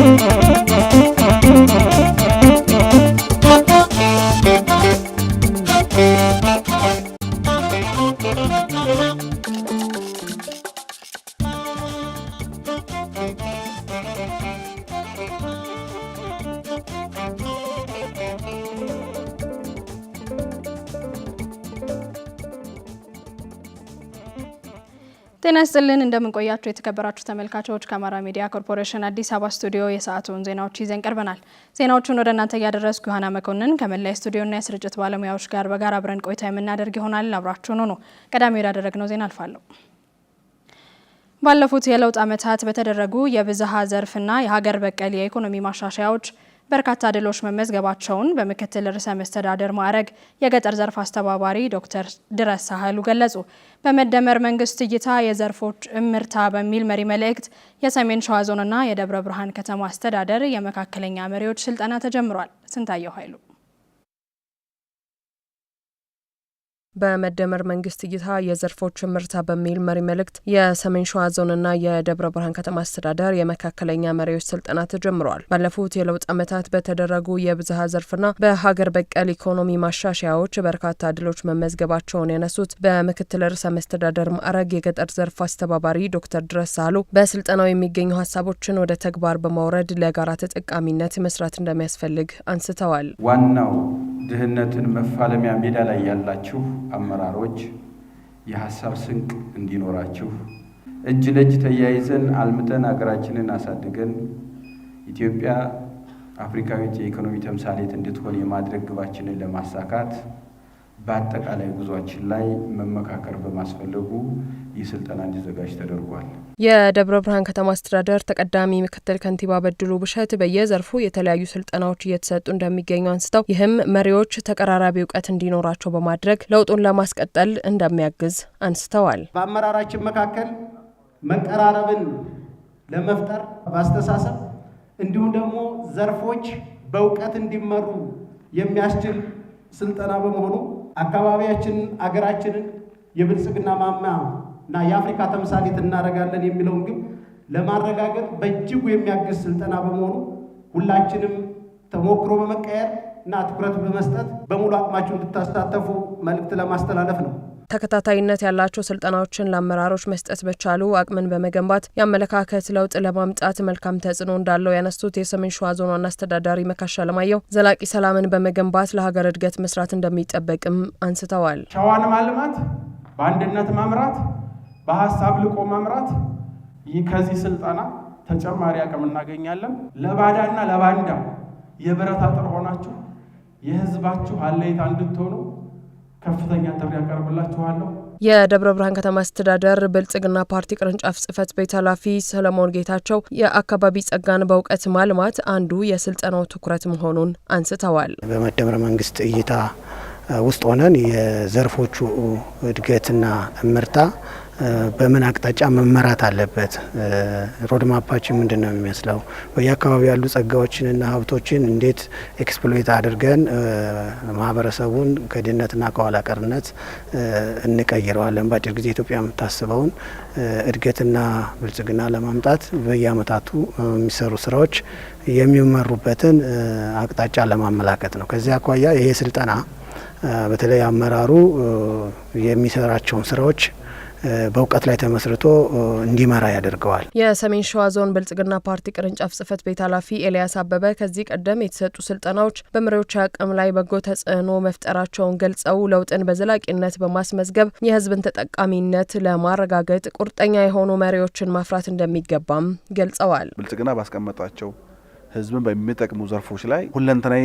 Mm-hmm. ይስጥልን እንደምንቆያችሁ የተከበራችሁ ተመልካቾች፣ ከአማራ ሚዲያ ኮርፖሬሽን አዲስ አበባ ስቱዲዮ የሰዓቱን ዜናዎች ይዘን ቀርበናል። ዜናዎቹን ወደ እናንተ እያደረስኩ ዮሐና መኮንን ከመላይ ስቱዲዮና የስርጭት ባለሙያዎች ጋር በጋራ አብረን ቆይታ የምናደርግ ይሆናል። አብራችሁን ሆኖ ቀዳሚ ወዳደረግነው ዜና አልፋለሁ። ባለፉት የለውጥ ዓመታት በተደረጉ የብዝሃ ዘርፍና የሀገር በቀል የኢኮኖሚ ማሻሻያዎች በርካታ ድሎች መመዝገባቸውን በምክትል ርዕሰ መስተዳደር ማዕረግ የገጠር ዘርፍ አስተባባሪ ዶክተር ድረስ ሳህሉ ገለጹ። በመደመር መንግስት እይታ የዘርፎች እምርታ በሚል መሪ መልእክት የሰሜን ሸዋ ዞንና የደብረ ብርሃን ከተማ አስተዳደር የመካከለኛ መሪዎች ስልጠና ተጀምሯል። ስንታየው ኃይሉ በመደመር መንግስት እይታ የዘርፎች ምርታ በሚል መሪ መልእክት የሰሜን ሸዋ ዞንና የደብረ ብርሃን ከተማ አስተዳደር የመካከለኛ መሪዎች ስልጠና ተጀምረዋል። ባለፉት የለውጥ ዓመታት በተደረጉ የብዝሃ ዘርፍና በሀገር በቀል ኢኮኖሚ ማሻሻያዎች በርካታ ድሎች መመዝገባቸውን ያነሱት በምክትል ርዕሰ መስተዳደር ማዕረግ የገጠር ዘርፍ አስተባባሪ ዶክተር ድረስ አሉ። በስልጠናው የሚገኙ ሀሳቦችን ወደ ተግባር በማውረድ ለጋራ ተጠቃሚነት መስራት እንደሚያስፈልግ አንስተዋል። ዋናው ድህነትን መፋለሚያ ሜዳ ላይ ያላችሁ አመራሮች የሀሳብ ስንቅ እንዲኖራችሁ እጅ ለእጅ ተያይዘን አልምተን ሀገራችንን አሳድገን ኢትዮጵያ አፍሪካዊት የኢኮኖሚ ተምሳሌት እንድትሆን የማድረግ ግባችንን ለማሳካት በአጠቃላይ ጉዟችን ላይ መመካከር በማስፈለጉ ይህ ስልጠና እንዲዘጋጅ ተደርጓል። የደብረ ብርሃን ከተማ አስተዳደር ተቀዳሚ ምክትል ከንቲባ በድሉ ብሸት በየዘርፉ የተለያዩ ስልጠናዎች እየተሰጡ እንደሚገኙ አንስተው ይህም መሪዎች ተቀራራቢ እውቀት እንዲኖራቸው በማድረግ ለውጡን ለማስቀጠል እንደሚያግዝ አንስተዋል። በአመራራችን መካከል መቀራረብን ለመፍጠር በአስተሳሰብ እንዲሁም ደግሞ ዘርፎች በእውቀት እንዲመሩ የሚያስችል ስልጠና በመሆኑ አካባቢያችንን አገራችንን የብልጽግና ማማ እና የአፍሪካ ተምሳሌት እናደርጋለን የሚለውን ግብ ለማረጋገጥ በእጅጉ የሚያግዝ ስልጠና በመሆኑ ሁላችንም ተሞክሮ በመቀየር እና ትኩረት በመስጠት በሙሉ አቅማችሁ እንድታሳተፉ መልእክት ለማስተላለፍ ነው። ተከታታይነት ያላቸው ስልጠናዎችን ለአመራሮች መስጠት በቻሉ አቅምን በመገንባት የአመለካከት ለውጥ ለማምጣት መልካም ተጽዕኖ እንዳለው ያነሱት የሰሜን ሸዋ ዞን ዋና አስተዳዳሪ መካሻ ለማየው ዘላቂ ሰላምን በመገንባት ለሀገር እድገት መስራት እንደሚጠበቅም አንስተዋል። ሸዋን ማልማት፣ በአንድነት መምራት፣ በሀሳብ ልቆ መምራት ከዚህ ስልጠና ተጨማሪ አቅም እናገኛለን። ለባዳና ለባንዳ የብረት አጥር ሆናችሁ የህዝባችሁ አለይታ እንድትሆኑ ከፍተኛ ጥሪ ያቀርብላችኋለሁ። የደብረ ብርሃን ከተማ አስተዳደር ብልጽግና ፓርቲ ቅርንጫፍ ጽህፈት ቤት ኃላፊ ሰለሞን ጌታቸው የአካባቢ ጸጋን በእውቀት ማልማት አንዱ የስልጠናው ትኩረት መሆኑን አንስተዋል። በመደመር መንግስት እይታ ውስጥ ሆነን የዘርፎቹ እድገትና እምርታ በምን አቅጣጫ መመራት አለበት፣ ሮድማፓችን ምንድን ነው የሚመስለው፣ በየአካባቢው ያሉ ጸጋዎችንና ሀብቶችን እንዴት ኤክስፕሎይት አድርገን ማህበረሰቡን ከድህነትና ከኋላ ቀርነት እንቀይረዋለን፣ በአጭር ጊዜ ኢትዮጵያ የምታስበውን እድገትና ብልጽግና ለማምጣት በየአመታቱ የሚሰሩ ስራዎች የሚመሩበትን አቅጣጫ ለማመላከት ነው። ከዚህ አኳያ ይሄ ስልጠና በተለይ አመራሩ የሚሰራቸውን ስራዎች በእውቀት ላይ ተመስርቶ እንዲመራ ያደርገዋል። የሰሜን ሸዋ ዞን ብልጽግና ፓርቲ ቅርንጫፍ ጽህፈት ቤት ኃላፊ ኤልያስ አበበ ከዚህ ቀደም የተሰጡ ስልጠናዎች በመሪዎች አቅም ላይ በጎ ተጽዕኖ መፍጠራቸውን ገልጸው ለውጥን በዘላቂነት በማስመዝገብ የህዝብን ተጠቃሚነት ለማረጋገጥ ቁርጠኛ የሆኑ መሪዎችን ማፍራት እንደሚገባም ገልጸዋል። ብልጽግና ባስቀመጣቸው ህዝብን በሚጠቅሙ ዘርፎች ላይ ሁለንተናዊ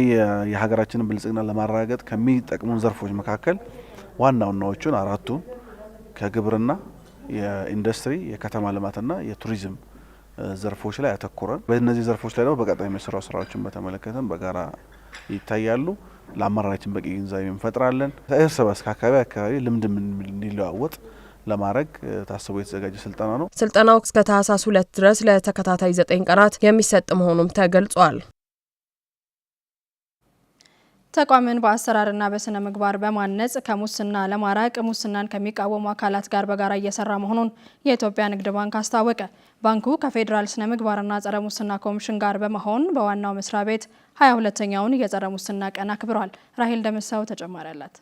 የሀገራችንን ብልጽግና ለማረጋገጥ ከሚጠቅሙን ዘርፎች መካከል ዋና ዋናዎቹን አራቱን ከግብርና የኢንዱስትሪ፣ የከተማ ልማትና የቱሪዝም ዘርፎች ላይ አተኩረን በእነዚህ ዘርፎች ላይ ደግሞ በቀጣይ የሚሰራው ስራዎችን በተመለከተም በጋራ ይታያሉ። ለአመራራችን በቂ ግንዛቤ እንፈጥራለን። እርስ በርስ ከአካባቢ አካባቢ ልምድ እንዲለዋወጥ ለማድረግ ታስቦ የተዘጋጀ ስልጠና ነው። ስልጠናው እስከ ታህሳስ ሁለት ድረስ ለተከታታይ ዘጠኝ ቀናት የሚሰጥ መሆኑም ተገልጿል። ተቋምን በአሰራርና በስነ ምግባር በማነጽ ከሙስና ለማራቅ ሙስናን ከሚቃወሙ አካላት ጋር በጋራ እየሰራ መሆኑን የኢትዮጵያ ንግድ ባንክ አስታወቀ። ባንኩ ከፌዴራል ስነ ምግባርና ጸረ ሙስና ኮሚሽን ጋር በመሆን በዋናው መስሪያ ቤት 22ኛውን የጸረ ሙስና ቀን አክብሯል። ራሄል ደምሳው ተጨማሪ አላት።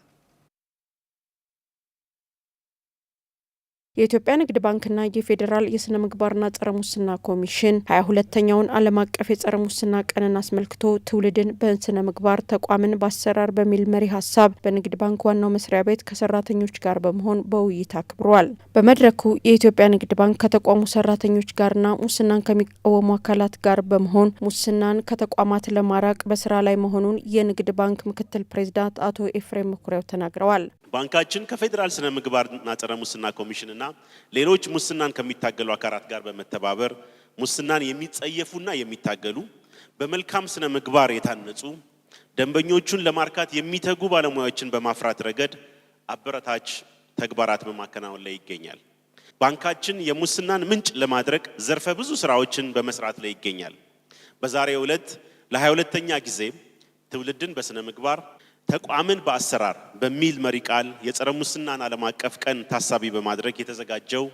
የኢትዮጵያ ንግድ ባንክና የፌዴራል የስነ ምግባርና ጸረ ሙስና ኮሚሽን ሀያ ሁለተኛውን ዓለም አቀፍ የጸረ ሙስና ቀንን አስመልክቶ ትውልድን በስነ ምግባር ተቋምን በአሰራር በሚል መሪ ሀሳብ በንግድ ባንክ ዋናው መስሪያ ቤት ከሰራተኞች ጋር በመሆን በውይይት አክብሯል። በመድረኩ የኢትዮጵያ ንግድ ባንክ ከተቋሙ ሰራተኞች ጋርና ሙስናን ከሚቃወሙ አካላት ጋር በመሆን ሙስናን ከተቋማት ለማራቅ በስራ ላይ መሆኑን የንግድ ባንክ ምክትል ፕሬዚዳንት አቶ ኤፍሬም መኩሪያው ተናግረዋል። ባንካችን ከፌዴራል ስነ ምግባርና ጸረ ሙስና ኮሚሽን እና ሌሎች ሙስናን ከሚታገሉ አካላት ጋር በመተባበር ሙስናን የሚጸየፉና የሚታገሉ በመልካም ስነ ምግባር የታነጹ ደንበኞቹን ለማርካት የሚተጉ ባለሙያዎችን በማፍራት ረገድ አበረታች ተግባራት በማከናወን ላይ ይገኛል። ባንካችን የሙስናን ምንጭ ለማድረግ ዘርፈ ብዙ ስራዎችን በመስራት ላይ ይገኛል። በዛሬው ዕለት ለ22ኛ ጊዜ ትውልድን በስነ ምግባር ተቋምን በአሰራር በሚል መሪ ቃል የጸረ ሙስናን ዓለም አቀፍ ቀን ታሳቢ በማድረግ የተዘጋጀው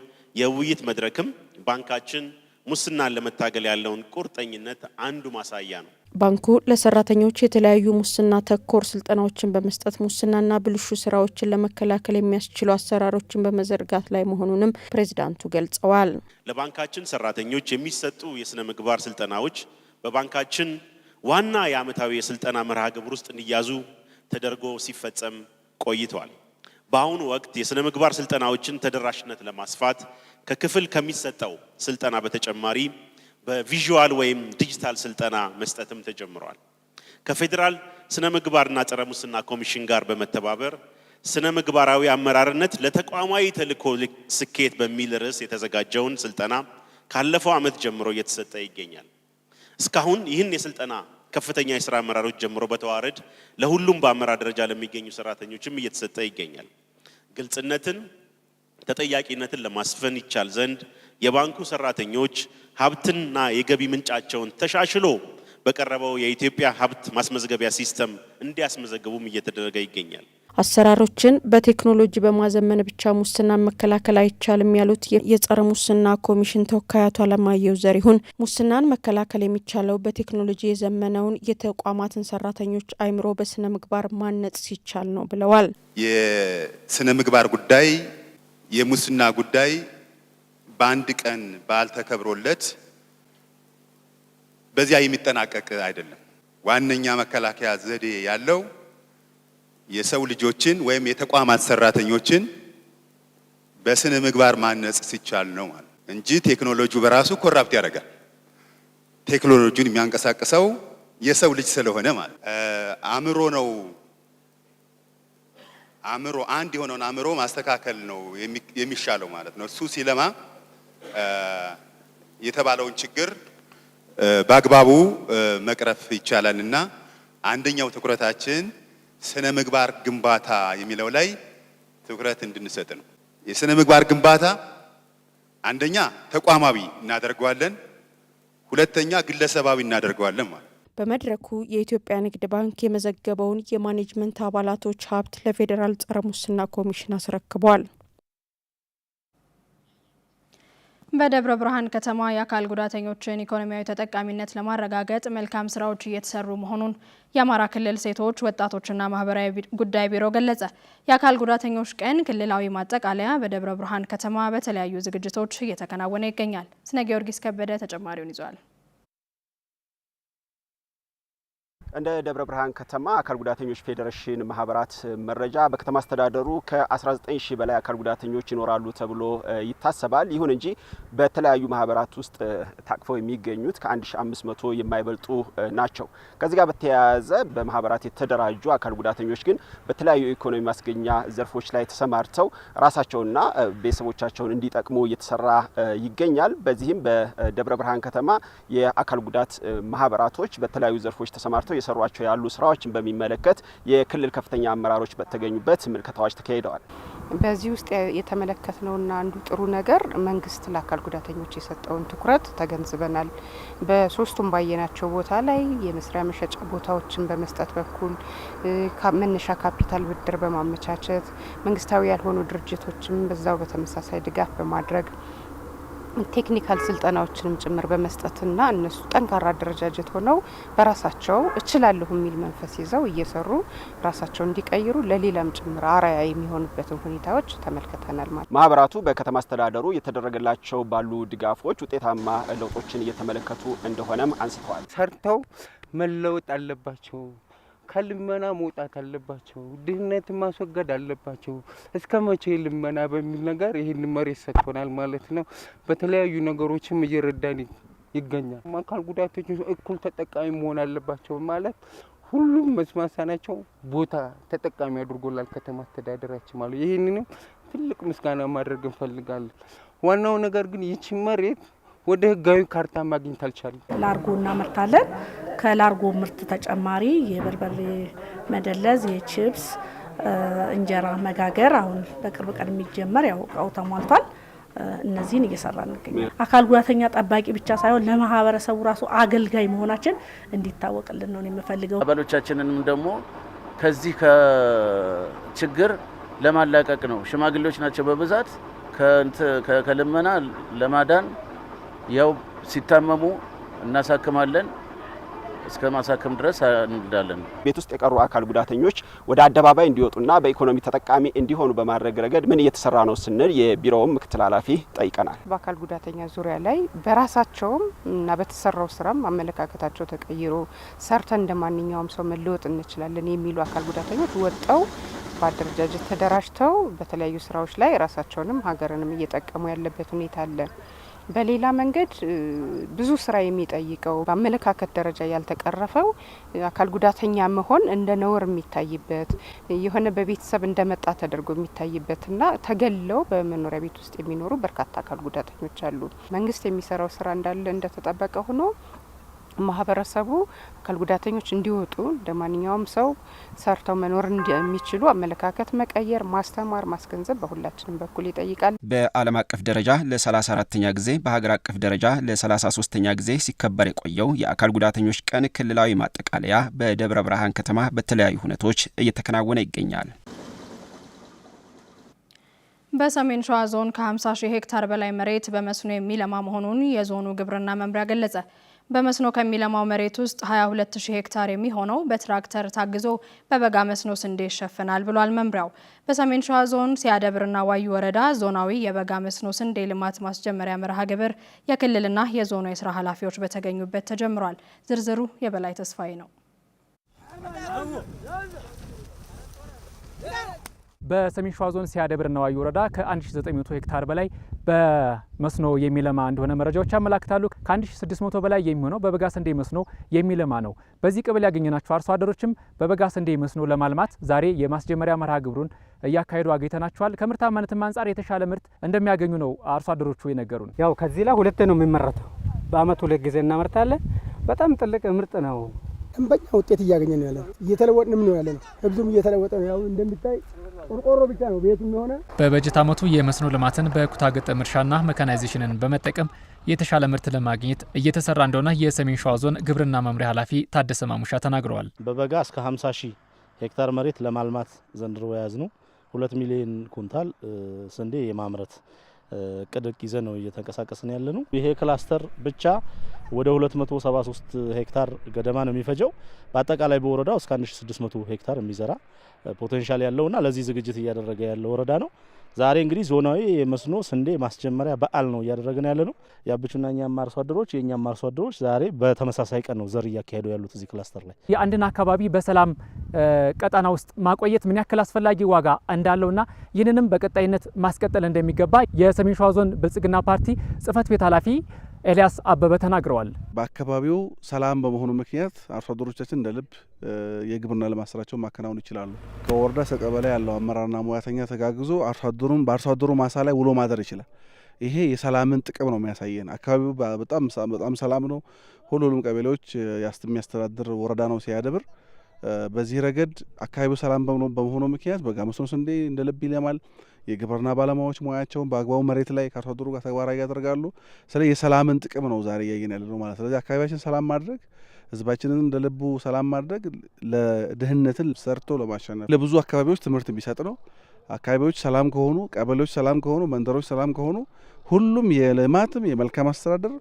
የውይይት መድረክም ባንካችን ሙስናን ለመታገል ያለውን ቁርጠኝነት አንዱ ማሳያ ነው። ባንኩ ለሰራተኞች የተለያዩ ሙስና ተኮር ስልጠናዎችን በመስጠት ሙስናና ብልሹ ስራዎችን ለመከላከል የሚያስችሉ አሰራሮችን በመዘርጋት ላይ መሆኑንም ፕሬዚዳንቱ ገልጸዋል። ለባንካችን ሰራተኞች የሚሰጡ የስነ ምግባር ስልጠናዎች በባንካችን ዋና የአመታዊ የስልጠና መርሃ ግብር ውስጥ እንዲያዙ ተደርጎ ሲፈጸም ቆይቷል። በአሁኑ ወቅት የሥነ ምግባር ስልጠናዎችን ተደራሽነት ለማስፋት ከክፍል ከሚሰጠው ስልጠና በተጨማሪ በቪዥዋል ወይም ዲጂታል ስልጠና መስጠትም ተጀምሯል። ከፌዴራል ስነ ምግባርና ጸረ ሙስና ኮሚሽን ጋር በመተባበር ስነ ምግባራዊ አመራርነት ለተቋማዊ ተልእኮ ስኬት በሚል ርዕስ የተዘጋጀውን ስልጠና ካለፈው ዓመት ጀምሮ እየተሰጠ ይገኛል። እስካሁን ይህን የስልጠና ከፍተኛ የስራ አመራሮች ጀምሮ በተዋረድ ለሁሉም በአመራር ደረጃ ለሚገኙ ሰራተኞችም እየተሰጠ ይገኛል። ግልጽነትን፣ ተጠያቂነትን ለማስፈን ይቻል ዘንድ የባንኩ ሰራተኞች ሀብትና የገቢ ምንጫቸውን ተሻሽሎ በቀረበው የኢትዮጵያ ሀብት ማስመዝገቢያ ሲስተም እንዲያስመዘግቡም እየተደረገ ይገኛል። አሰራሮችን በቴክኖሎጂ በማዘመን ብቻ ሙስናን መከላከል አይቻልም ያሉት የጸረ ሙስና ኮሚሽን ተወካይ አቶ አለማየሁ ዘሪሁን ሙስናን መከላከል የሚቻለው በቴክኖሎጂ የዘመነውን የተቋማትን ሰራተኞች አእምሮ በስነ ምግባር ማነጽ ሲቻል ነው ብለዋል። የስነ ምግባር ጉዳይ፣ የሙስና ጉዳይ በአንድ ቀን በዓል ተከብሮለት በዚያ የሚጠናቀቅ አይደለም። ዋነኛ መከላከያ ዘዴ ያለው የሰው ልጆችን ወይም የተቋማት ሰራተኞችን በስነ ምግባር ማነጽ ሲቻል ነው ማለት እንጂ ቴክኖሎጂው በራሱ ኮራፕት ያደርጋል። ቴክኖሎጂውን የሚያንቀሳቅሰው የሰው ልጅ ስለሆነ ማለት አእምሮ ነው። አእምሮ አንድ የሆነውን አእምሮ ማስተካከል ነው የሚሻለው ማለት ነው። እሱ ሲለማ የተባለውን ችግር በአግባቡ መቅረፍ ይቻላል እና አንደኛው ትኩረታችን ስነ ምግባር ግንባታ የሚለው ላይ ትኩረት እንድንሰጥ ነው። የስነ ምግባር ግንባታ አንደኛ ተቋማዊ እናደርገዋለን፣ ሁለተኛ ግለሰባዊ እናደርገዋለን ማለት በመድረኩ የኢትዮጵያ ንግድ ባንክ የመዘገበውን የማኔጅመንት አባላቶች ሀብት ለፌዴራል ጸረ ሙስና ኮሚሽን አስረክቧል። በደብረ ብርሃን ከተማ የአካል ጉዳተኞችን ኢኮኖሚያዊ ተጠቃሚነት ለማረጋገጥ መልካም ስራዎች እየተሰሩ መሆኑን የአማራ ክልል ሴቶች ወጣቶችና ማህበራዊ ጉዳይ ቢሮ ገለጸ። የአካል ጉዳተኞች ቀን ክልላዊ ማጠቃለያ በደብረ ብርሃን ከተማ በተለያዩ ዝግጅቶች እየተከናወነ ይገኛል። ስነ ጊዮርጊስ ከበደ ተጨማሪውን ይዟል። እንደ ደብረ ብርሃን ከተማ አካል ጉዳተኞች ፌዴሬሽን ማህበራት መረጃ በከተማ አስተዳደሩ ከ19 ሺ በላይ አካል ጉዳተኞች ይኖራሉ ተብሎ ይታሰባል። ይሁን እንጂ በተለያዩ ማህበራት ውስጥ ታቅፈው የሚገኙት ከ1500 የማይበልጡ ናቸው። ከዚህ ጋር በተያያዘ በማህበራት የተደራጁ አካል ጉዳተኞች ግን በተለያዩ ኢኮኖሚ ማስገኛ ዘርፎች ላይ ተሰማርተው ራሳቸውና ቤተሰቦቻቸውን እንዲጠቅሙ እየተሰራ ይገኛል። በዚህም በደብረ ብርሃን ከተማ የአካል ጉዳት ማህበራቶች በተለያዩ ዘርፎች ተሰማርተው እየሰሯቸው ያሉ ስራዎችን በሚመለከት የክልል ከፍተኛ አመራሮች በተገኙበት ምልከታዎች ተካሂደዋል። በዚህ ውስጥ የተመለከትነውና አንዱ ጥሩ ነገር መንግስት ለአካል ጉዳተኞች የሰጠውን ትኩረት ተገንዝበናል። በሶስቱም ባየናቸው ቦታ ላይ የመስሪያ መሸጫ ቦታዎችን በመስጠት በኩል መነሻ ካፒታል ብድር በማመቻቸት መንግስታዊ ያልሆኑ ድርጅቶችም በዛው በተመሳሳይ ድጋፍ በማድረግ ቴክኒካል ስልጠናዎችንም ጭምር በመስጠትና እነሱ ጠንካራ አደረጃጀት ሆነው በራሳቸው እችላለሁ የሚል መንፈስ ይዘው እየሰሩ ራሳቸው እንዲቀይሩ ለሌላም ጭምር አራያ የሚሆኑበትን ሁኔታዎች ተመልክተናል። ማለት ማህበራቱ በከተማ አስተዳደሩ እየተደረገላቸው ባሉ ድጋፎች ውጤታማ ለውጦችን እየተመለከቱ እንደሆነም አንስተዋል። ሰርተው መለወጥ አለባቸው። ከልመና መውጣት አለባቸው፣ ድህነት ማስወገድ አለባቸው። እስከ መቼ ልመና በሚል ነገር ይህን መሬት ሰጥቶናል ማለት ነው። በተለያዩ ነገሮችም እየረዳን ይገኛል። አካል ጉዳተኞች እኩል ተጠቃሚ መሆን አለባቸው ማለት ሁሉም መስማሳ ናቸው ቦታ ተጠቃሚ አድርጎላል ከተማ አስተዳደራችን ማለት ይህንንም ትልቅ ምስጋና ማድረግ እንፈልጋለን። ዋናው ነገር ግን ይቺ መሬት ወደ ህጋዊ ካርታ ማግኘት አልቻለም። ላርጎ እናመርታለን። ከላርጎ ምርት ተጨማሪ የበርበሬ መደለዝ፣ የቺፕስ እንጀራ መጋገር አሁን በቅርብ ቀን የሚጀመር ያው እቃው ተሟልቷል። እነዚህን እየሰራ እንገኛለን። አካል ጉዳተኛ ጠባቂ ብቻ ሳይሆን ለማህበረሰቡ ራሱ አገልጋይ መሆናችን እንዲታወቅልን ነው የምፈልገው። አባሎቻችንንም ደግሞ ከዚህ ከችግር ለማላቀቅ ነው። ሽማግሌዎች ናቸው በብዛት ከልመና ለማዳን ያው ሲታመሙ እናሳክማለን እስከ ማሳከም ድረስ እንግዳለን። ቤት ውስጥ የቀሩ አካል ጉዳተኞች ወደ አደባባይ እንዲወጡና በኢኮኖሚ ተጠቃሚ እንዲሆኑ በማድረግ ረገድ ምን እየተሰራ ነው ስንል የቢሮውን ምክትል ኃላፊ ጠይቀናል። በአካል ጉዳተኛ ዙሪያ ላይ በራሳቸውም እና በተሰራው ስራም አመለካከታቸው ተቀይሮ ሰርተን እንደ ማንኛውም ሰው መለወጥ እንችላለን የሚሉ አካል ጉዳተኞች ወጠው በአደረጃጀት ተደራጅተው በተለያዩ ስራዎች ላይ ራሳቸውንም ሀገርንም እየጠቀሙ ያለበት ሁኔታ አለ። በሌላ መንገድ ብዙ ስራ የሚጠይቀው በአመለካከት ደረጃ ያልተቀረፈው አካል ጉዳተኛ መሆን እንደ ነውር የሚታይበት የሆነ በቤተሰብ እንደመጣ ተደርጎ የሚታይበትና ተገለው በመኖሪያ ቤት ውስጥ የሚኖሩ በርካታ አካል ጉዳተኞች አሉ። መንግስት የሚሰራው ስራ እንዳለ እንደተጠበቀ ሆኖ ማህበረሰቡ አካል ጉዳተኞች እንዲወጡ እንደ ማንኛውም ሰው ሰርተው መኖር እንደሚችሉ አመለካከት መቀየር፣ ማስተማር፣ ማስገንዘብ በሁላችንም በኩል ይጠይቃል። በዓለም አቀፍ ደረጃ ለ34ተኛ ጊዜ በሀገር አቀፍ ደረጃ ለ33ተኛ ጊዜ ሲከበር የቆየው የአካል ጉዳተኞች ቀን ክልላዊ ማጠቃለያ በደብረ ብርሃን ከተማ በተለያዩ ሁነቶች እየተከናወነ ይገኛል። በሰሜን ሸዋ ዞን ከ50 ሺህ ሄክታር በላይ መሬት በመስኖ የሚለማ መሆኑን የዞኑ ግብርና መምሪያ ገለጸ። በመስኖ ከሚለማው መሬት ውስጥ 22000 ሄክታር የሚሆነው በትራክተር ታግዞ በበጋ መስኖ ስንዴ ይሸፈናል ብሏል መምሪያው። በሰሜን ሸዋ ዞን ሲያደብርና ዋዩ ወረዳ ዞናዊ የበጋ መስኖ ስንዴ ልማት ማስጀመሪያ መርሃ ግብር የክልልና የዞኑ የስራ ኃላፊዎች በተገኙበት ተጀምሯል። ዝርዝሩ የበላይ ተስፋዬ ነው። በሰሜን ሸዋ ዞን ሲያደብር ነዋይ ወረዳ ከ1900 ሄክታር በላይ በመስኖ የሚለማ እንደሆነ መረጃዎች ያመላክታሉ። ከ1600 በላይ የሚሆነው በበጋ ስንዴ መስኖ የሚለማ ነው። በዚህ ቀበሌ ያገኘናቸው አርሶ አደሮችም በበጋ ስንዴ መስኖ ለማልማት ዛሬ የማስጀመሪያ መርሃ ግብሩን እያካሄዱ አግኝተናቸዋል። ከምርታማነትም አንጻር የተሻለ ምርት እንደሚያገኙ ነው አርሶ አደሮቹ የነገሩን። ያው ከዚህ ላይ ሁለት ነው የሚመረተው። በአመት ሁለት ጊዜ እናመርታለን። በጣም ትልቅ ምርጥ ነው። እንበኛ ውጤት እያገኘ ነው ያለ ነው። እየተለወጥንም ነው ያለ ነው። ህብዙም እየተለወጠ ነው። ያው እንደሚታይ ቆርቆሮ ብቻ ነው ቤቱ የሆነ። በበጀት ዓመቱ የመስኖ ልማትን በኩታ ገጠም እርሻና መካናይዜሽንን በመጠቀም የተሻለ ምርት ለማግኘት እየተሰራ እንደሆነ የሰሜን ሸዋ ዞን ግብርና መምሪያ ኃላፊ ታደሰ ማሙሻ ተናግረዋል። በበጋ እስከ 50 ሺህ ሄክታር መሬት ለማልማት ዘንድሮ የያዝ ነው። ሁለት ሚሊዮን ኩንታል ስንዴ የማምረት ቅድቅ ይዘ ነው እየተንቀሳቀስን ያለ ነው። ይሄ ክላስተር ብቻ ወደ 273 ሄክታር ገደማ ነው የሚፈጀው። በአጠቃላይ በወረዳው እስከ 1600 ሄክታር የሚዘራ ፖቴንሻል ያለውና ለዚህ ዝግጅት እያደረገ ያለው ወረዳ ነው። ዛሬ እንግዲህ ዞናዊ የመስኖ ስንዴ ማስጀመሪያ በዓል ነው እያደረግን ያለ ነው። የአብቹና እኛ አርሶ አደሮች የእኛም አርሶ አደሮች ዛሬ በተመሳሳይ ቀን ነው ዘር እያካሄዱ ያሉት እዚህ ክላስተር ላይ። የአንድን አካባቢ በሰላም ቀጠና ውስጥ ማቆየት ምን ያክል አስፈላጊ ዋጋ እንዳለውና ይህንንም በቀጣይነት ማስቀጠል እንደሚገባ የሰሜን ሸዋ ዞን ብልጽግና ፓርቲ ጽህፈት ቤት ኃላፊ ኤልያስ አበበ ተናግረዋል። በአካባቢው ሰላም በመሆኑ ምክንያት አርሶ አደሮቻችን እንደ ልብ የግብርና ልማት ስራቸውን ማከናወን ይችላሉ። ከወረዳ እስከ ቀበሌ ያለው አመራርና ሙያተኛ ተጋግዞ አርሶ አደሩም በአርሶ አደሩ ማሳ ላይ ውሎ ማደር ይችላል። ይሄ የሰላምን ጥቅም ነው የሚያሳየን። አካባቢው በጣም ሰላም ነው። ሁሉም ቀበሌዎች የሚያስተዳድር ወረዳ ነው ሲያደብር በዚህ ረገድ አካባቢው ሰላም በመሆኑ ምክንያት በጋ መስኖ ስንዴ እንደ ልብ ይለማል። የግብርና ባለሙያዎች ሙያቸውን በአግባቡ መሬት ላይ ከአርሶ አደሩ ጋር ተግባራዊ ያደርጋሉ። ስለዚህ የሰላምን ጥቅም ነው ዛሬ እያየን ያለ ነው ማለት። ስለዚህ አካባቢያችን ሰላም ማድረግ ህዝባችንን እንደ ልቡ ሰላም ማድረግ ለድህነትን ሰርቶ ለማሸነፍ ለብዙ አካባቢዎች ትምህርት የሚሰጥ ነው። አካባቢዎች ሰላም ከሆኑ፣ ቀበሌዎች ሰላም ከሆኑ፣ መንደሮች ሰላም ከሆኑ ሁሉም የልማትም የመልካም አስተዳደር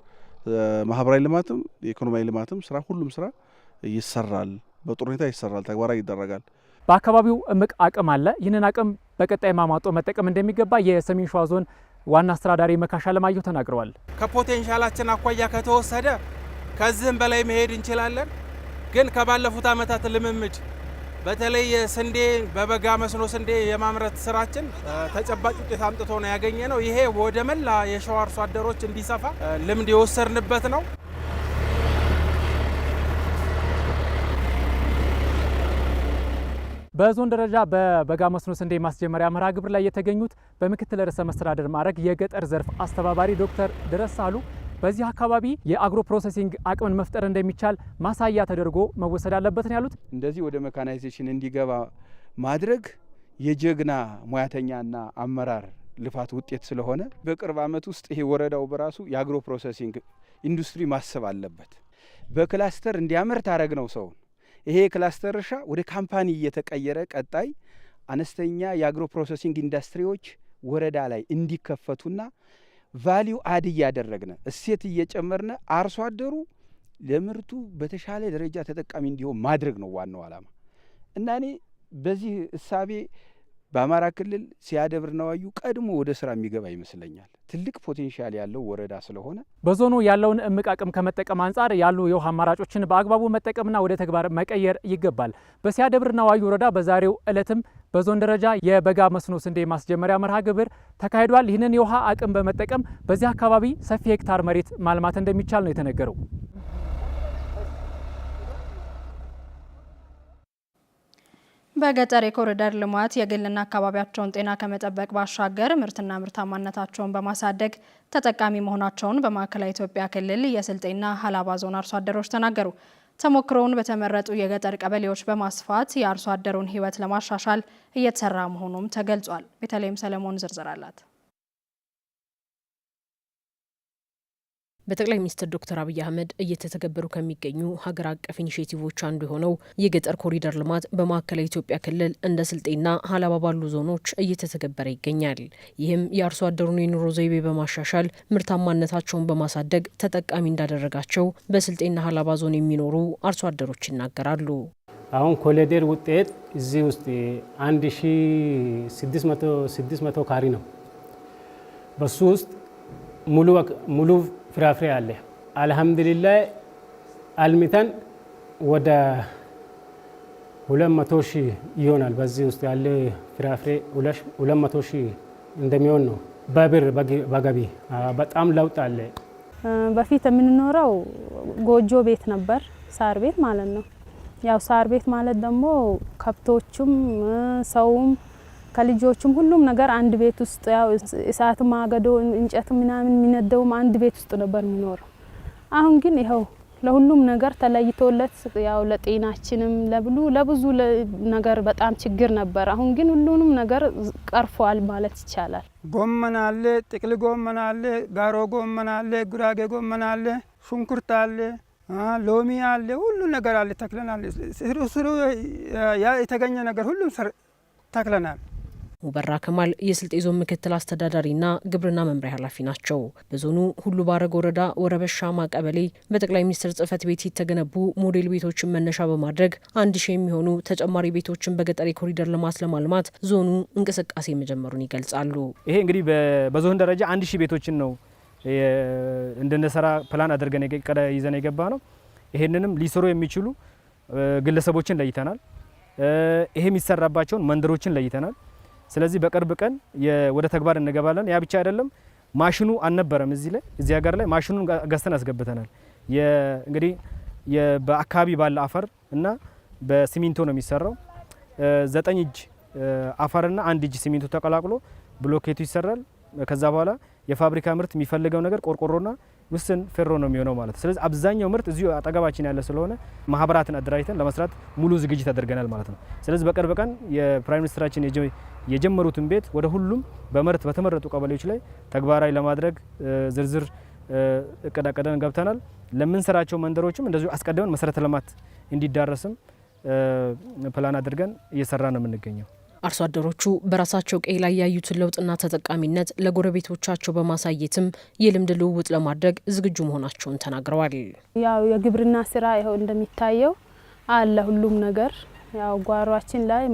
ማህበራዊ ልማትም የኢኮኖሚያዊ ልማትም ስራ ሁሉም ስራ ይሰራል፣ በጥሩ ሁኔታ ይሰራል፣ ተግባራዊ ይደረጋል። በአካባቢው እምቅ አቅም አለ። ይህንን አቅም በቀጣይ ማማጦ መጠቀም እንደሚገባ የሰሜን ሸዋ ዞን ዋና አስተዳዳሪ መካሻ ለማየሁ ተናግረዋል። ከፖቴንሻላችን አኳያ ከተወሰደ ከዚህም በላይ መሄድ እንችላለን። ግን ከባለፉት ዓመታት ልምምድ በተለይ ስንዴ በበጋ መስኖ ስንዴ የማምረት ስራችን ተጨባጭ ውጤት አምጥቶ ነው ያገኘ ነው። ይሄ ወደ መላ የሸዋ አርሶ አደሮች እንዲሰፋ ልምድ የወሰድንበት ነው። በዞን ደረጃ በበጋ መስኖ ስንዴ ማስጀመሪያ መርሃ ግብር ላይ የተገኙት በምክትል ርዕሰ መስተዳደር ማዕረግ የገጠር ዘርፍ አስተባባሪ ዶክተር ድረስ አሉ በዚህ አካባቢ የአግሮ ፕሮሰሲንግ አቅምን መፍጠር እንደሚቻል ማሳያ ተደርጎ መወሰድ አለበት ነው ያሉት። እንደዚህ ወደ መካናይዜሽን እንዲገባ ማድረግ የጀግና ሙያተኛና አመራር ልፋት ውጤት ስለሆነ በቅርብ ዓመት ውስጥ ይሄ ወረዳው በራሱ የአግሮ ፕሮሰሲንግ ኢንዱስትሪ ማሰብ አለበት። በክላስተር እንዲያመርት አረግ ነው ሰውን ይሄ የክላስተር እርሻ ወደ ካምፓኒ እየተቀየረ ቀጣይ አነስተኛ የአግሮ ፕሮሰሲንግ ኢንዱስትሪዎች ወረዳ ላይ እንዲከፈቱና ቫሊዩ አድ እያደረግነ እሴት እየጨመርነ አርሶ አደሩ ለምርቱ በተሻለ ደረጃ ተጠቃሚ እንዲሆን ማድረግ ነው ዋናው ዓላማ እና እኔ በዚህ እሳቤ በአማራ ክልል ሲያደብር ነዋዩ ቀድሞ ወደ ስራ የሚገባ ይመስለኛል። ትልቅ ፖቴንሻል ያለው ወረዳ ስለሆነ በዞኑ ያለውን እምቅ አቅም ከመጠቀም አንጻር ያሉ የውሃ አማራጮችን በአግባቡ መጠቀምና ወደ ተግባር መቀየር ይገባል። በሲያደብር ነዋዩ ወረዳ በዛሬው ዕለትም በዞን ደረጃ የበጋ መስኖ ስንዴ ማስጀመሪያ መርሃ ግብር ተካሂዷል። ይህንን የውሃ አቅም በመጠቀም በዚህ አካባቢ ሰፊ ሄክታር መሬት ማልማት እንደሚቻል ነው የተነገረው። በገጠር የኮሪደር ልማት የግልና አካባቢያቸውን ጤና ከመጠበቅ ባሻገር ምርትና ምርታማነታቸውን በማሳደግ ተጠቃሚ መሆናቸውን በማዕከላዊ ኢትዮጵያ ክልል የስልጤና ሀላባ ዞን አርሶ አደሮች ተናገሩ። ተሞክሮውን በተመረጡ የገጠር ቀበሌዎች በማስፋት የአርሶ አደሩን ሕይወት ለማሻሻል እየተሰራ መሆኑም ተገልጿል። በተለይም ሰለሞን ዝርዝር አላት። በጠቅላይ ሚኒስትር ዶክተር አብይ አህመድ እየተተገበሩ ከሚገኙ ሀገር አቀፍ ኢኒሽቲቮች አንዱ የሆነው የገጠር ኮሪደር ልማት በማዕከላዊ ኢትዮጵያ ክልል እንደ ስልጤና ሀላባ ባሉ ዞኖች እየተተገበረ ይገኛል። ይህም የአርሶ አደሩን የኑሮ ዘይቤ በማሻሻል ምርታማነታቸውን በማሳደግ ተጠቃሚ እንዳደረጋቸው በስልጤና ሀላባ ዞን የሚኖሩ አርሶ አደሮች ይናገራሉ። አሁን ኮሪደር ውጤት እዚህ ውስጥ መቶ ካሪ ነው። በሱ ውስጥ ሙሉ ፍራፍሬ አለ። አልሐምዱሊላህ አልሚተን ወደ ሁለት መቶ ሺህ ይሆናል። በዚህ ውስጥ ያለ ፍራፍሬ ሁለት መቶ ሺህ እንደሚሆን ነው። በብር በገቢ በጣም ለውጥ አለ። በፊት የምንኖረው ጎጆ ቤት ነበር፣ ሳር ቤት ማለት ነው። ያው ሳር ቤት ማለት ደግሞ ከብቶቹም ሰውም ከልጆቹም ሁሉም ነገር አንድ ቤት ውስጥ ያው እሳት ማገዶ እንጨት ምናምን የሚነደውም አንድ ቤት ውስጥ ነበር የሚኖረው። አሁን ግን ይኸው ለሁሉም ነገር ተለይቶለት ያው ለጤናችንም ለብሉ ለብዙ ነገር በጣም ችግር ነበር። አሁን ግን ሁሉንም ነገር ቀርፏል ማለት ይቻላል። ጎመን አለ፣ ጥቅል ጎመን አለ፣ ጋሮ ጎመን አለ፣ ጉራጌ ጎመን አለ፣ ሽንኩርት አለ፣ ሎሚ አለ፣ ሁሉ ነገር አለ ተክለናል። ስሩ ስሩ የተገኘ ነገር ሁሉም ተክለናል። ሙበራ ከማል የስልጤ ዞን ምክትል አስተዳዳሪና ግብርና መምሪያ ኃላፊ ናቸው። በዞኑ ሁሉ ባረግ ወረዳ ወረበሻማ ቀበሌ በጠቅላይ ሚኒስትር ጽህፈት ቤት የተገነቡ ሞዴል ቤቶችን መነሻ በማድረግ አንድ ሺህ የሚሆኑ ተጨማሪ ቤቶችን በገጠር የኮሪደር ልማት ለማልማት ዞኑ እንቅስቃሴ መጀመሩን ይገልጻሉ። ይሄ እንግዲህ በዞን ደረጃ አንድ ሺህ ቤቶችን ነው እንድንሰራ ፕላን አድርገን ይዘን የገባ ነው። ይሄንንም ሊሰሩ የሚችሉ ግለሰቦችን ለይተናል። ይሄ የሚሰራባቸውን መንደሮችን ለይተናል። ስለዚህ በቅርብ ቀን ወደ ተግባር እንገባለን። ያ ብቻ አይደለም፣ ማሽኑ አልነበረም እዚህ ላይ እዚህ ሀገር ላይ ማሽኑን ገዝተን አስገብተናል። እንግዲህ በአካባቢ ባለ አፈር እና በሲሚንቶ ነው የሚሰራው። ዘጠኝ እጅ አፈርና አንድ እጅ ሲሚንቶ ተቀላቅሎ ብሎኬቱ ይሰራል። ከዛ በኋላ የፋብሪካ ምርት የሚፈልገው ነገር ቆርቆሮና ውስን ፌሮ ነው የሚሆነው ማለት ነው። ስለዚህ አብዛኛው ምርት እዚሁ አጠገባችን ያለ ስለሆነ ማህበራትን አደራጅተን ለመስራት ሙሉ ዝግጅት አድርገናል ማለት ነው። ስለዚህ በቅርብ ቀን የፕራይም ሚኒስትራችን የጀመሩትን ቤት ወደ ሁሉም በምርት በተመረጡ ቀበሌዎች ላይ ተግባራዊ ለማድረግ ዝርዝር እቅድ አቅደን ገብተናል። ለምንሰራቸው መንደሮችም እንደዚሁ አስቀድመን መሰረተ ልማት እንዲዳረስም ፕላን አድርገን እየሰራ ነው የምንገኘው። አርሶ አደሮቹ በራሳቸው ቀይ ላይ ያዩትን ለውጥና ተጠቃሚነት ለጎረቤቶቻቸው በማሳየትም የልምድ ልውውጥ ለማድረግ ዝግጁ መሆናቸውን ተናግረዋል። ያው የግብርና ስራ ይኸው እንደሚታየው አለ ሁሉም ነገር ያው ጓሯችን ላይ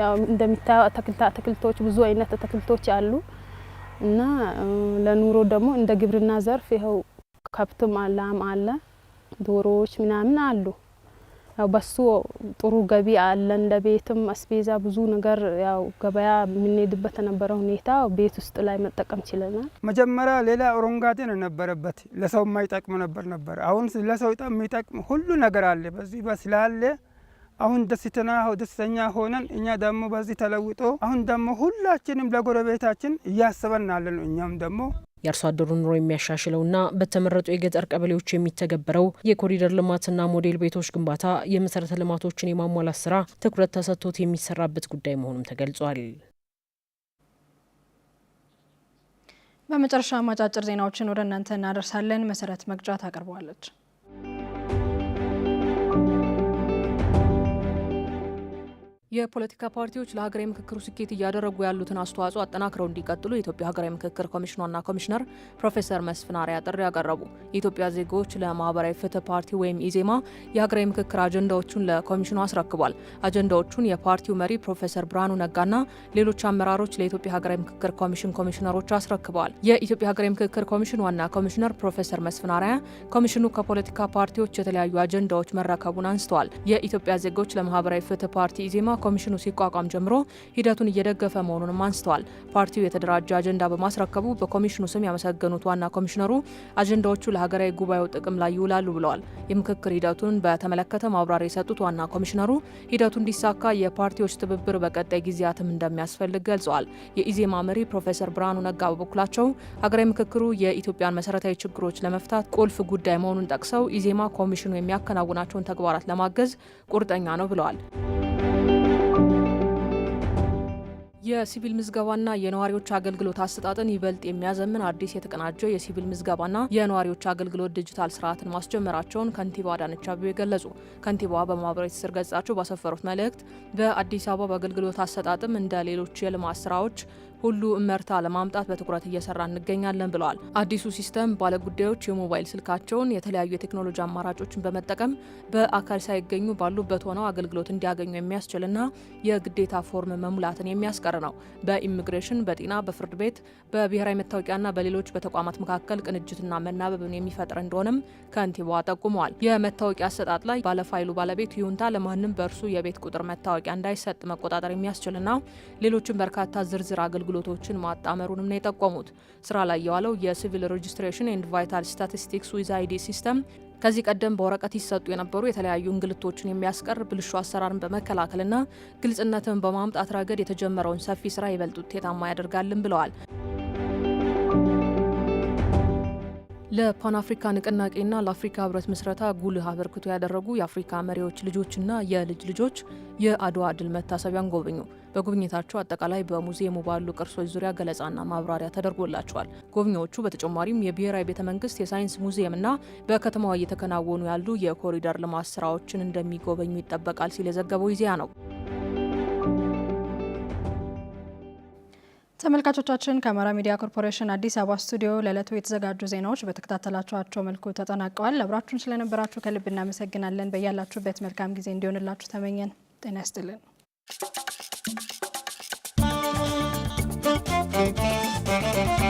ያው እንደሚታየው አትክልቶች ብዙ አይነት አትክልቶች አሉ እና ለኑሮ ደግሞ እንደ ግብርና ዘርፍ ይኸው ከብትም ላም አለ ዶሮዎች ምናምን አሉ በሱ ጥሩ ገቢ አለ። እንደ ቤትም አስቤዛ ብዙ ነገር ያው ገበያ የምንሄድበት የነበረ ሁኔታ ቤት ውስጥ ላይ መጠቀም ችለናል። መጀመሪያ ሌላ ሮንጋቴ ነው የነበረበት ለሰው የማይጠቅም ነበር ነበር። አሁን ለሰው የሚጠቅም ሁሉ ነገር አለ በዚህ በስላለ አሁን ደስተና ደስተኛ ሆነን እኛ ደግሞ በዚህ ተለውጦ አሁን ደግሞ ሁላችንም ለጎረቤታችን እያስበናለን። እኛም ደግሞ የአርሶ አደሩ ኑሮ የሚያሻሽለውና በተመረጡ የገጠር ቀበሌዎች የሚተገበረው የኮሪደር ልማትና ሞዴል ቤቶች ግንባታ የመሰረተ ልማቶችን የማሟላት ስራ ትኩረት ተሰጥቶት የሚሰራበት ጉዳይ መሆኑም ተገልጿል። በመጨረሻ አጫጭር ዜናዎችን ወደ እናንተ እናደርሳለን። መሰረት መግጫ አቅርበዋለች። የፖለቲካ ፓርቲዎች ለሀገራዊ ምክክሩ ስኬት እያደረጉ ያሉትን አስተዋጽኦ አጠናክረው እንዲቀጥሉ የኢትዮጵያ ሀገራዊ ምክክር ዋና ኮሚሽነር ፕሮፌሰር መስፍን አርአያ ጥሪ ያቀረቡ። የኢትዮጵያ ዜጎች ለማህበራዊ ፍትህ ፓርቲ ወይም ኢዜማ የሀገራዊ ምክክር አጀንዳዎቹን ለኮሚሽኑ አስረክቧል። አጀንዳዎቹን የፓርቲው መሪ ፕሮፌሰር ብርሃኑ ነጋና ሌሎች አመራሮች ለኢትዮጵያ ሀገራዊ ምክክር ኮሚሽን ኮሚሽነሮች አስረክበዋል። የኢትዮጵያ ሀገራዊ ምክክር ኮሚሽን ዋና ኮሚሽነር ፕሮፌሰር መስፍን አርአያ ኮሚሽኑ ከፖለቲካ ፓርቲዎች የተለያዩ አጀንዳዎች መረከቡን አንስተዋል። የኢትዮጵያ ዜጎች ለማህበራዊ ፍትህ ፓርቲ ኢዜማ ኮሚሽኑ ሲቋቋም ጀምሮ ሂደቱን እየደገፈ መሆኑንም አንስተዋል። ፓርቲው የተደራጀ አጀንዳ በማስረከቡ በኮሚሽኑ ስም ያመሰገኑት ዋና ኮሚሽነሩ አጀንዳዎቹ ለሀገራዊ ጉባኤው ጥቅም ላይ ይውላሉ ብለዋል። የምክክር ሂደቱን በተመለከተ ማብራሪያ የሰጡት ዋና ኮሚሽነሩ ሂደቱ እንዲሳካ የፓርቲዎች ትብብር በቀጣይ ጊዜያትም እንደሚያስፈልግ ገልጸዋል። የኢዜማ መሪ ፕሮፌሰር ብርሃኑ ነጋ በበኩላቸው ሀገራዊ ምክክሩ የኢትዮጵያን መሰረታዊ ችግሮች ለመፍታት ቁልፍ ጉዳይ መሆኑን ጠቅሰው ኢዜማ ኮሚሽኑ የሚያከናውናቸውን ተግባራት ለማገዝ ቁርጠኛ ነው ብለዋል። የሲቪል ምዝገባና የነዋሪዎች አገልግሎት አሰጣጥን ይበልጥ የሚያዘምን አዲስ የተቀናጀ የሲቪል ምዝገባና የነዋሪዎች አገልግሎት ዲጂታል ስርዓትን ማስጀመራቸውን ከንቲባ አዳነች አቤቤ ገለጹ። ከንቲባዋ በማህበራዊ ትስስር ገጻቸው ባሰፈሩት መልእክት በአዲስ አበባ በአገልግሎት አሰጣጥም እንደ ሌሎች የልማት ስራዎች ሁሉ እመርታ ለማምጣት በትኩረት እየሰራ እንገኛለን ብለዋል። አዲሱ ሲስተም ባለጉዳዮች የሞባይል ስልካቸውን የተለያዩ የቴክኖሎጂ አማራጮችን በመጠቀም በአካል ሳይገኙ ባሉበት ሆነው አገልግሎት እንዲያገኙ የሚያስችልና የግዴታ ፎርም መሙላትን የሚያስቀር ነው። በኢሚግሬሽን፣ በጤና፣ በፍርድ ቤት፣ በብሔራዊ መታወቂያና በሌሎች በተቋማት መካከል ቅንጅትና መናበብን የሚፈጥር እንደሆነም ከንቲባዋ ጠቁመዋል። የመታወቂያ አሰጣጥ ላይ ባለፋይሉ ባለቤት ይሁንታ ለማንም በእርሱ የቤት ቁጥር መታወቂያ እንዳይሰጥ መቆጣጠር የሚያስችልና ሌሎችን በርካታ ዝርዝር አገልግሎት አገልግሎቶችን ማጣመሩንም ነው የጠቆሙት። ስራ ላይ የዋለው የሲቪል ሬጅስትሬሽን ኤንድ ቫይታል ስታቲስቲክስ ዊዝ አይዲ ሲስተም ከዚህ ቀደም በወረቀት ይሰጡ የነበሩ የተለያዩ እንግልቶችን የሚያስቀር ብልሹ አሰራርን በመከላከልና ግልጽነትን በማምጣት ረገድ የተጀመረውን ሰፊ ስራ ይበልጥ ውጤታማ ያደርጋልን ብለዋል። ለፓን አፍሪካ ንቅናቄና ለአፍሪካ ህብረት ምስረታ ጉልህ አበርክቶ ያደረጉ የአፍሪካ መሪዎች ልጆችና የልጅ ልጆች የአድዋ ድል መታሰቢያን ጎበኙ። በጉብኝታቸው አጠቃላይ በሙዚየሙ ባሉ ቅርሶች ዙሪያ ገለጻና ማብራሪያ ተደርጎላቸዋል። ጎብኚዎቹ በተጨማሪም የብሔራዊ ቤተ መንግስት የሳይንስ ሙዚየምና በከተማዋ እየተከናወኑ ያሉ የኮሪደር ልማት ስራዎችን እንደሚጎበኙ ይጠበቃል ሲል የዘገበው ኢዜአ ነው። ተመልካቾቻችን ከአማራ ሚዲያ ኮርፖሬሽን አዲስ አበባ ስቱዲዮ ለዕለቱ የተዘጋጁ ዜናዎች በተከታተላችኋቸው መልኩ ተጠናቀዋል። አብራችሁን ስለነበራችሁ ከልብ እናመሰግናለን። በያላችሁበት መልካም ጊዜ እንዲሆንላችሁ ተመኘን። ጤና ይስጥልን።